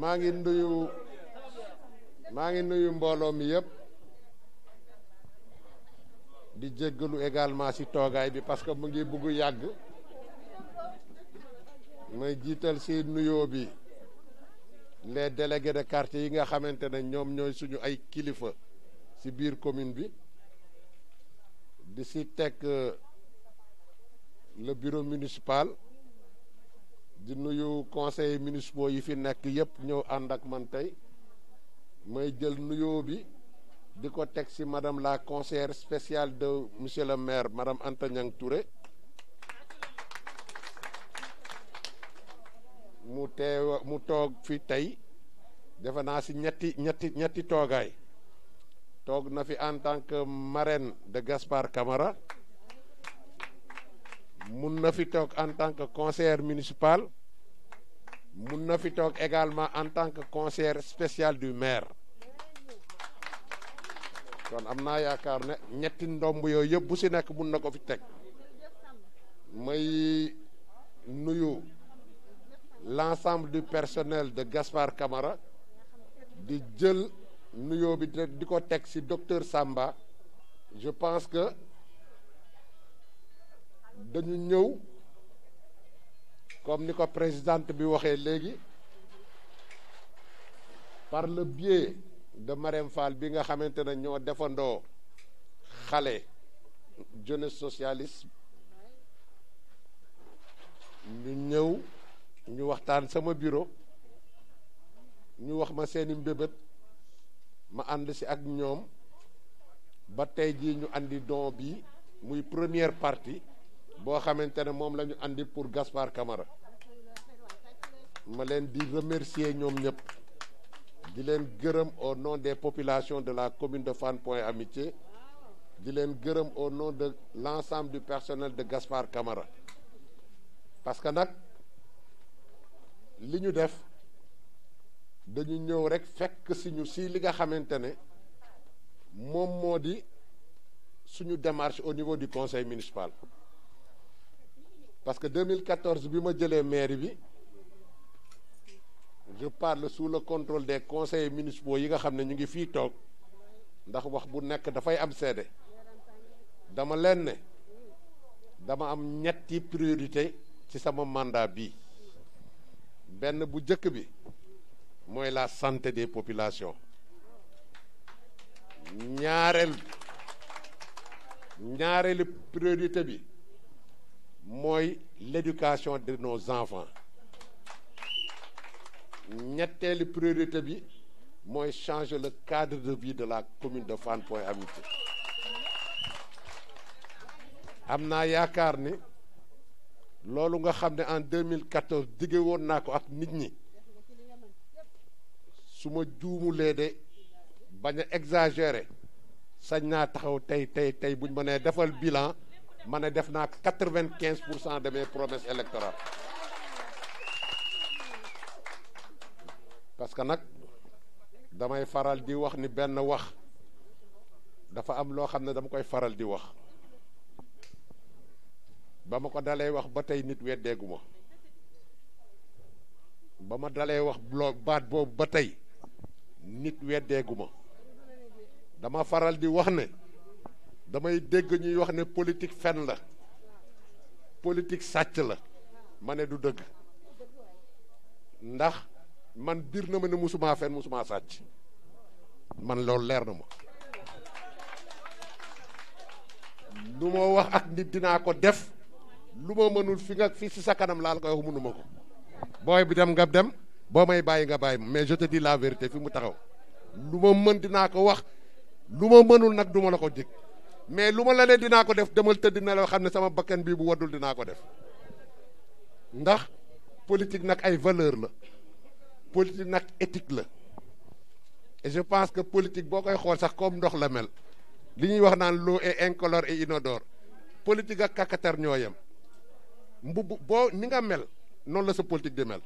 maa ngi nuyu maa ngi nuyu mbooloo mi yëpp di jéggalu également ci toogaay bi parce que mu ngi bugg yàgg may jiital ci nuyoo bi les délégués de quartier yi nga xamante ne ñoom ñooy suñu ay kilifa ci biir commune bi di ci teg euh, le bureau municipal di nuyu conseil municipal yi fi nekk yëpp ñëw ànd ak man tey may jël nuyoo bi di ko teg ci madame la conseillère spéciale de monsieur le maire madame Anta Niang Touré mu teew mu toog fi tey defe naa ci ñetti ñetti ñetti toogaay toog na fi en tant que marraine de Gaspard Camara mun na fi toog en tant que conseillère municipal mun na fi toog également en tant que conseiller spécial du maire kon am naa yaakaar ne ñetti ndomb yooyu yëpp bu si nekk mun na ko fi teg may nuyu l'ensemble du personnel de gaspar Camara di jël nuyoo bi di ko teg ci docteur Samba je pense que dañu ñëw comme ni ko présidente bi waxee léegi par le biais de Marème Fall bi nga xamante ne ñoo defandoo xale jeunesse socialiste ñu ñëw ñu waxtaan sama bureau ñu wax ma seeni mbébét ma ànd si ak ñoom ba tey jii ñu àndi don bi muy première partie boo xamante ne moom la ñu andi pour Gaspard Camara ma leen di remercier ñoom ñëpp di leen gërëm au nom des population de la commune de Fann Point Amitié di leen gërëm au nom de l'ensemble du personnel de gaspar Camara parce que nag li ñu def dañu ñëw rek fekk si ñu si li nga xamante ne moom moo di suñu démarche au niveau du conseil municipal parce que 2014 bi ma jëlee mairie bi je parle sous le contrôle des conseillers municipaux yi nga xam ne ñu ngi fii toog ndax wax bu nekk dafay am seede dama leen ne dama am ñetti priorité ci sama mandat bi benn bu jëkk bi mooy la santé des populations ñaareel ñaareelu priorité bi mooy l'éducation de nos enfants ñetteeli priorité bi mooy changer le cadre de vie de la commune de Fann Point Amitié am naa yaakaar ni loolu nga xam ne en 2014 digge woon naa ko ak nit ñi su ma juumulee de bañ a sañ naa taxaw tey tey tey buñ ma nee defal bilan ma ne def naa quatre-vingt-quinze pour cent de mes promesses parce que nag damay faral di wax ni benn wax dafa am loo xam ne dama koy faral di wax ba ma ko dalee wax ba tey nit weddeegu ma ba ma dalee wax loo baat boobu ba tey nit weddeegu ma dama faral di wax ne damay dégg ñuy wax ne politique fen la politique sàcc la ma ne du dëgg ndax man biir na ma ne musuma mu musuma sàcc man loolu leer na ma lu ma wax ak nit dinaa ko def lu ma mënul fi nga fi si sa kanam laal koy wax mënuma ko booy bi dem nga dem boo may bàyyi nga bàyyi mais je te dis la vérité fi mu taxaw lu ma mën dinaa ko wax lu ma mënul nag duma la ko dig mais lu ma la ne dinaa ko def demal tëdd na la xam ne sama bakkan bii bu waddul dinaa ko def ndax politique nag ay valeur la politique nag éthique la je pense que politique boo koy xool sax comme ndox la mel li ñuy wax naan l'eau est incolore et inodore politique ak kakatar ñoo yem mbubb boo ni nga mel noonu la sa politique di mel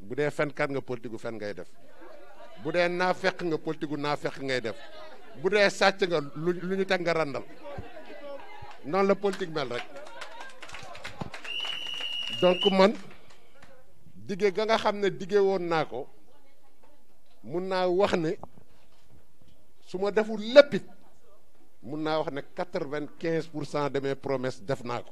bu dee fenkat nga politique gu fen ngay def bu dee naafeq nga politique gu naafeq ngay def bu dee sàcc nga lu ñu teg nga randal noonu la politique mel rek dige ga nga xam ne dige woon naa ko mun naa wax ne su ma deful léppit mun naa wax ne quatre-vingt-quinze pour cent de mes def naa ko